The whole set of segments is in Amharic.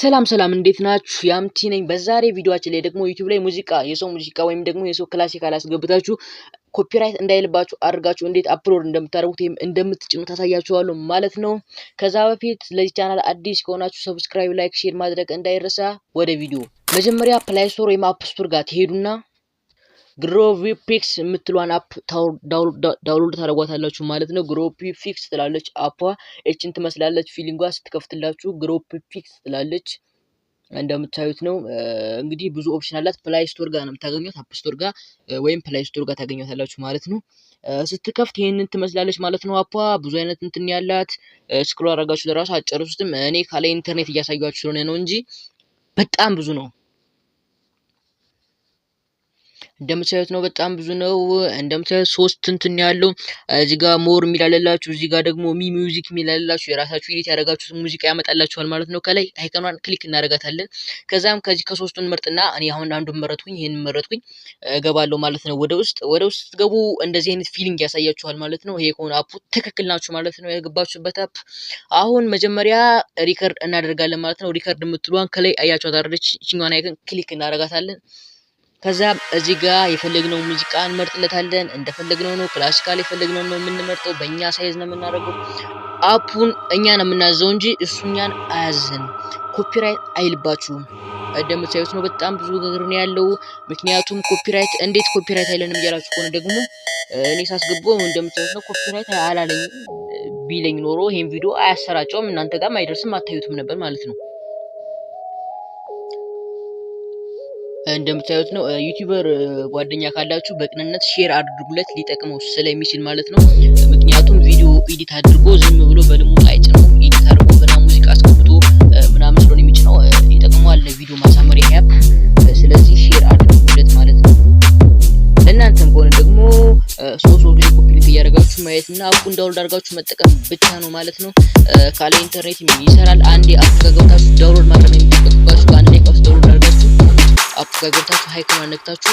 ሰላም ሰላም እንዴት ናችሁ? ያምቲ ነኝ። በዛሬ ቪዲዮችን ላይ ደግሞ ዩቲዩብ ላይ ሙዚቃ የሰው ሙዚቃ ወይም ደግሞ የሰው ክላሲክ አላስገብታችሁ ኮፒራይት እንዳይልባችሁ አድርጋችሁ እንዴት አፕሎድ እንደምታደርጉት ወይም እንደምትጭኑ ታሳያችኋለሁ ማለት ነው። ከዛ በፊት ለዚህ ቻናል አዲስ ከሆናችሁ ሰብስክራይብ፣ ላይክ፣ ሼር ማድረግ እንዳይረሳ። ወደ ቪዲዮ መጀመሪያ ፕላይ ስቶር ወይም አፕ ስቶር ጋር ትሄዱና ግሮቪ ፒክስ የምትሏን አፕ ዳውንሎድ ታደርጓታላችሁ ማለት ነው። ግሮፒ ፊክስ ትላለች አፓ። ኤችን ትመስላለች ፊሊንጓ ስትከፍትላችሁ ግሮፒ ፒክስ ትላለች። እንደምታዩት ነው እንግዲህ ብዙ ኦፕሽን አላት። ፕላይ ስቶር ጋር ነው የምታገኘት፣ አፕ ስቶር ጋር ወይም ፕላይ ስቶር ጋር ታገኘታላችሁ ማለት ነው። ስትከፍት ይህንን ትመስላለች ማለት ነው። አፓ ብዙ አይነት እንትን ያላት ስክሮ አረጋችሁ ለራሱ አጨርሱትም። እኔ ካለ ኢንተርኔት እያሳያችሁ ስለሆነ ነው እንጂ በጣም ብዙ ነው። እንደምታዩት ነው። በጣም ብዙ ነው። እንደምታዩት ሶስት እንትን ያለው እዚህ ጋር ሞር የሚላለላችሁ እዚህ ጋር ደግሞ ሚ ሚውዚክ የሚላለላችሁ የራሳችሁ ኢዲት ያደረጋችሁት ሙዚቃ ያመጣላችኋል ማለት ነው። ከላይ አይከኗን ክሊክ እናደርጋታለን። ከዛም ከዚህ ከሶስቱን ምርጥና እኔ አሁን አንዱ መረጥኩኝ፣ ይህን መረጥኩኝ፣ እገባለሁ ማለት ነው ወደ ውስጥ። ወደ ውስጥ ስትገቡ እንደዚህ አይነት ፊሊንግ ያሳያችኋል ማለት ነው። ይሄ ከሆነ አፑ ትክክል ናችሁ ማለት ነው የገባችሁበት አፕ። አሁን መጀመሪያ ሪከርድ እናደርጋለን ማለት ነው። ሪከርድ የምትሏን ከላይ አያችኋት አይደለች? ይችኛዋን አይከን ክሊክ እናደርጋታለን። ከዛ እዚህ ጋር የፈለግነው ሙዚቃ እንመርጥለታለን። እንደፈለግነው ነው፣ ክላሲካል የፈለግነው ነው የምንመርጠው። በእኛ ሳይዝ ነው የምናደርገው። አፑን እኛ ነው የምናዘው እንጂ እሱ እኛን አያዘን። ኮፒራይት አይልባችሁም። እንደምታዩት ነው በጣም ብዙ ነገር ነው ያለው። ምክንያቱም ኮፒራይት እንዴት ኮፒራይት አይለንም እያላችሁ ከሆነ ደግሞ እኔ ሳስገባው እንደምታዩት ነው ኮፒራይት አላለኝም። ቢለኝ ኖሮ ይሄን ቪዲዮ አያሰራጨውም፣ እናንተ ጋርም አይደርስም፣ አታዩትም ነበር ማለት ነው። እንደምታዩት ነው። ዩቲዩበር ጓደኛ ካላችሁ በቅንነት ሼር አድርጉለት፣ ሊጠቅመው ስለሚችል ማለት ነው። ምክንያቱም ቪዲዮ ኤዲት አድርጎ ዝም ብሎ በልሙጥ አይጭነው። ኤዲት አድርጎ ምናምን ሙዚቃ አስቀምጦ ምናምን ስለሆነ የሚጭነው ይጠቅመዋል፣ ለቪዲዮ ማሳመሪያ ያፕ። ስለዚህ ሼር አድርጉለት ማለት ነው። ለእናንተም ከሆነ ደግሞ ሶስት ወር ጊዜ እያደረጋችሁ ማየት እና አቁ ዳውንሎድ አድርጋችሁ መጠቀም ብቻ ነው ማለት ነው። ካለ ኢንተርኔት ይሰራል። አንዴ አፑ ከገብታችሁ ዳውንሎድ ማድረግ የሚጠበቅባችሁ ገብታችሁ ሀይክ ማነክታችሁ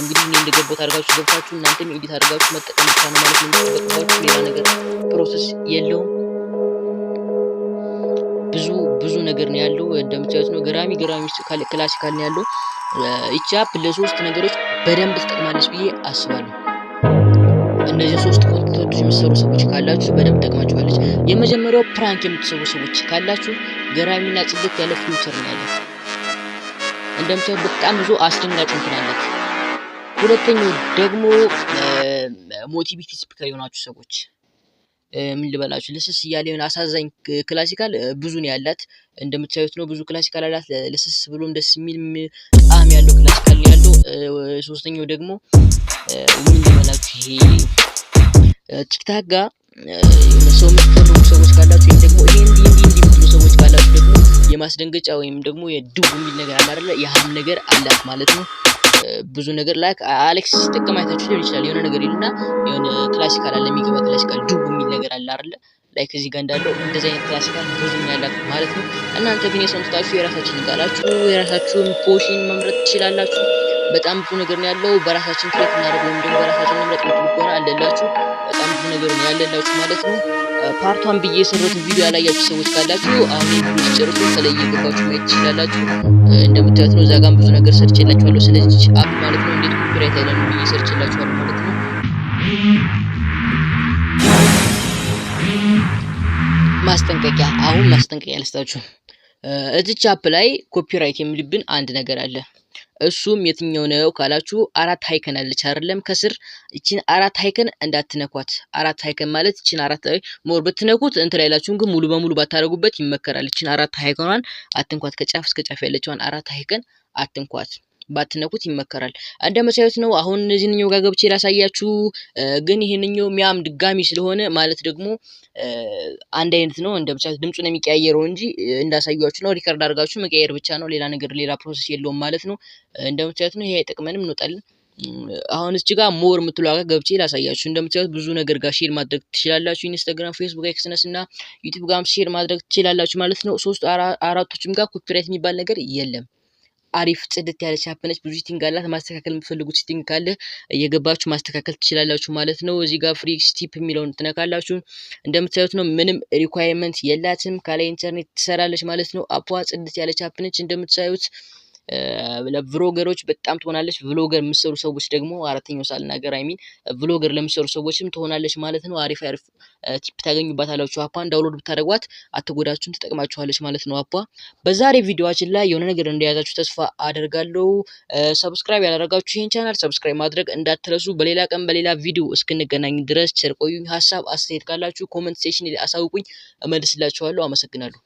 እንግዲህ እኔ እንደገባሁት አድርጋችሁ ገብታችሁ እናንተም ኤዲት አድርጋችሁ መጠቀም ብቻ ነው ማለት ነው። ሌላ ነገር ፕሮሰስ የለውም። ብዙ ብዙ ነገር ነው ያለው እንደምታዩት ነው። ገራሚ ገራሚ ክላሲካል ነው ያለው። ይቺ አፕ ለሶስት ነገሮች በደንብ ትጠቅማለች ብዬ አስባለሁ። እነዚህ ሶስት ኮንተንቶች የምትሰሩ ሰዎች ካላችሁ በደንብ ትጠቅማችኋለች። የመጀመሪያው ፕራንክ የምትሰሩ ሰዎች ካላችሁ ገራሚና ጽድት ያለ ፊውቸር ነው ያለው። እንደምታዩ በጣም ብዙ አስደንጋጭ እንትን አላት። ሁለተኛው ደግሞ ሞቲቪቲ ስፒከር የሆናችሁ ሰዎች ምን ልበላችሁ፣ ልስስ እያለ የሆነ አሳዛኝ ክላሲካል ብዙ ነው ያላት። እንደምታዩት ነው ብዙ ክላሲካል አላት። ልስስ ብሎም ደስ የሚል ጣዕም ያለው ክላሲካል ነው ያለው። ሶስተኛው ደግሞ ምን ልበላችሁ፣ ይሄ ቲክታክ ጋር ሰው የምትፈልጉ ሰዎች ካላችሁ፣ ወይም ደግሞ ይሄ እንዲህ እንዲህ እንዲህ የምትሉ ሰዎች ካላችሁ ደግሞ የማስደንገጫ ወይም ደግሞ የድቡ የሚል ነገር አለ አይደለ? ያህም ነገር አላት ማለት ነው። ብዙ ነገር ላይ አሌክስ ሲጠቀም አይታችሁ ሊሆን ይችላል። የሆነ ነገር ይሉና የሆነ ክላሲካል አለ የሚገባ ክላሲካል ድቡ የሚል ነገር አለ አይደለ? ላይ ከዚህ ጋር እንዳለው እንደዚህ አይነት ክላሲካል ብዙ ያላት ማለት ነው። እናንተ ግን የሰምታችሁ የራሳችሁን ቃላችሁ የራሳችሁን ፖሽን መምረጥ ትችላላችሁ። በጣም ብዙ ነገር ነው ያለው። በራሳችን ክሬት እናደርገው ወይም ደግሞ በራሳችን መምረጥ ምትል ከሆነ አለላችሁ በጣም ብዙ ነገር ነው ያለላችሁ ማለት ነው። ፓርቷን ብዬ የሰሩት ቪዲዮ ያላያችሁ ሰዎች ካላችሁ አሁን ቪዲዮ ጨርሶ የተለየ ቦታዎች ማየት ትችላላችሁ። እንደምታዩት ነው። እዛ ጋም ብዙ ነገር ሰርቼላችኋለሁ። ስለዚህ አፕ ማለት ነው እንዴት ኮፒራይት አይለን ብዬ ሰርቼላችኋለሁ ማለት ነው። ማስጠንቀቂያ አሁን ማስጠንቀቂያ አልሰጣችሁም። እዚች አፕ ላይ ኮፒራይት የሚልብን አንድ ነገር አለ። እሱም የትኛው ነው ካላችሁ አራት ሀይከን አለች አይደለም? ከስር እችን አራት ሀይከን እንዳትነኳት። አራት ሀይከን ማለት እችን አራት ሞር ብትነኩት ላይ አይላችሁም፣ ግን ሙሉ በሙሉ ባታደርጉበት ይመከራል። እችን አራት ሀይከኗን አትንኳት። ከጫፍ እስከ ጫፍ ያለችዋን አራት ሀይከን አትንኳት። ባትነኩት ይመከራል። እንደምታዩት ነው። አሁን እዚህኛው ጋር ገብቼ ላሳያችሁ፣ ግን ይህንኛው ሚያም ድጋሚ ስለሆነ ማለት ደግሞ አንድ አይነት ነው። እንደምታዩት ድምፁን የሚቀያየረው እንጂ እንዳሳያችሁ ነው። ሪከርድ አድርጋችሁ መቀያየር ብቻ ነው። ሌላ ነገር ሌላ ፕሮሰስ የለውም ማለት ነው። እንደምታዩት ነው። ይሄ አይጠቅመንም፣ እንወጣለን። አሁን እዚህ ጋር ሞር የምትሉ ጋር ገብቼ ላሳያችሁ። እንደምታዩት ብዙ ነገር ጋር ሼር ማድረግ ትችላላችሁ። ኢንስታግራም፣ ፌስቡክ፣ ኤክስነስ እና ዩቲዩብ ጋርም ሼር ማድረግ ትችላላችሁ ማለት ነው። ሶስት አራቶችም ጋር ኮፒራይት የሚባል ነገር የለም። አሪፍ ጽድት ያለ ነች ብዙ ሲቲንግ አላት። ማስተካከል የምትፈልጉት ሲቲንግ ካለ እየገባችሁ ማስተካከል ትችላላችሁ ማለት ነው። እዚህ ጋር ፍሪ ስቲፕ የሚለውን ትነካላችሁ። እንደምታዩት ነው ምንም ሪኳየርመንት የላትም። ካላይ ኢንተርኔት ትሰራለች ማለት ነው። አፖዋ ጽድት ያለ ነች እንደምታዩት ለቭሎገሮች በጣም ትሆናለች። ቭሎገር የምትሰሩ ሰዎች ደግሞ አራተኛው ሳልናገር አይሚን ቭሎገር ለምሰሩ ሰዎችም ትሆናለች ማለት ነው። አሪፍ አሪፍ ቲፕ ታገኙባታላችሁ። አፓን ዳውንሎድ ብታደርጓት አትጎዳችሁን፣ ትጠቅማችኋለች ማለት ነው። አፓ በዛሬ ቪዲዮችን ላይ የሆነ ነገር እንደያዛችሁ ተስፋ አደርጋለሁ። ሰብስክራይብ ያላደረጋችሁ ይህን ቻናል ሰብስክራይብ ማድረግ እንዳትረሱ። በሌላ ቀን በሌላ ቪዲዮ እስክንገናኝ ድረስ ቸር ቆዩኝ። ሀሳብ አስተያየት ካላችሁ ኮመንት ሴሽን አሳውቁኝ፣ እመልስላችኋለሁ። አመሰግናለሁ።